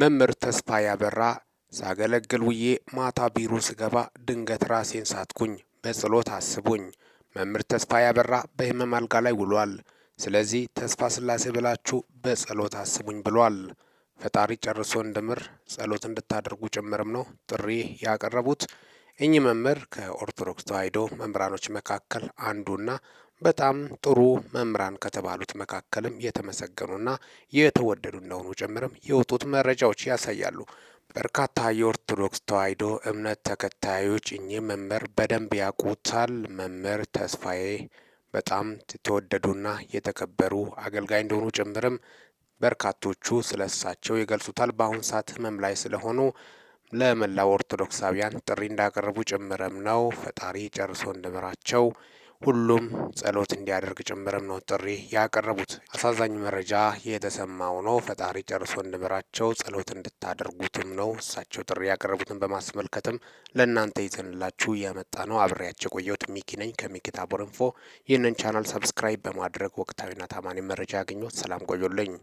መምህር ተስፋ ያበራ ሳገለግል ውዬ ማታ ቢሮ ስገባ ድንገት ራሴን ሳትኩኝ፣ በጸሎት አስቡኝ። መምህር ተስፋ ያበራ በህመም አልጋ ላይ ውሏል። ስለዚህ ተስፋ ስላሴ ብላችሁ በጸሎት አስቡኝ ብሏል። ፈጣሪ ጨርሶ እንድምር ጸሎት እንድታደርጉ ጭምርም ነው ጥሪ ያቀረቡት። እኚህ መምህር ከኦርቶዶክስ ተዋሕዶ መምህራኖች መካከል አንዱና በጣም ጥሩ መምህራን ከተባሉት መካከልም የተመሰገኑና የተወደዱ እንደሆኑ ጭምርም የወጡት መረጃዎች ያሳያሉ። በርካታ የኦርቶዶክስ ተዋሕዶ እምነት ተከታዮች እኚህ መምህር በደንብ ያውቁታል። መምህር ተስፋዬ በጣም የተወደዱና የተከበሩ አገልጋይ እንደሆኑ ጭምርም በርካቶቹ ስለሳቸው ይገልጹታል። በአሁን ሰዓት ህመም ላይ ስለሆኑ ለመላው ኦርቶዶክሳውያን ጥሪ እንዳቀረቡ ጭምርም ነው። ፈጣሪ ጨርሶ እንድምራቸው ሁሉም ጸሎት እንዲያደርግ ጭምርም ነው ጥሪ ያቀረቡት። አሳዛኝ መረጃ የተሰማው ነው። ፈጣሪ ጨርሶ እንድምራቸው ጸሎት እንድታደርጉትም ነው እሳቸው ጥሪ ያቀረቡትን በማስመልከትም ለእናንተ ይዘንላችሁ የመጣ ነው። አብሬያቸው ቆየሁት። ሚኪ ነኝ ይህንን ቻናል ሰብስክራይብ በማድረግ ወቅታዊና ታማኒ መረጃ ያገኙት። ሰላም ቆዩልኝ።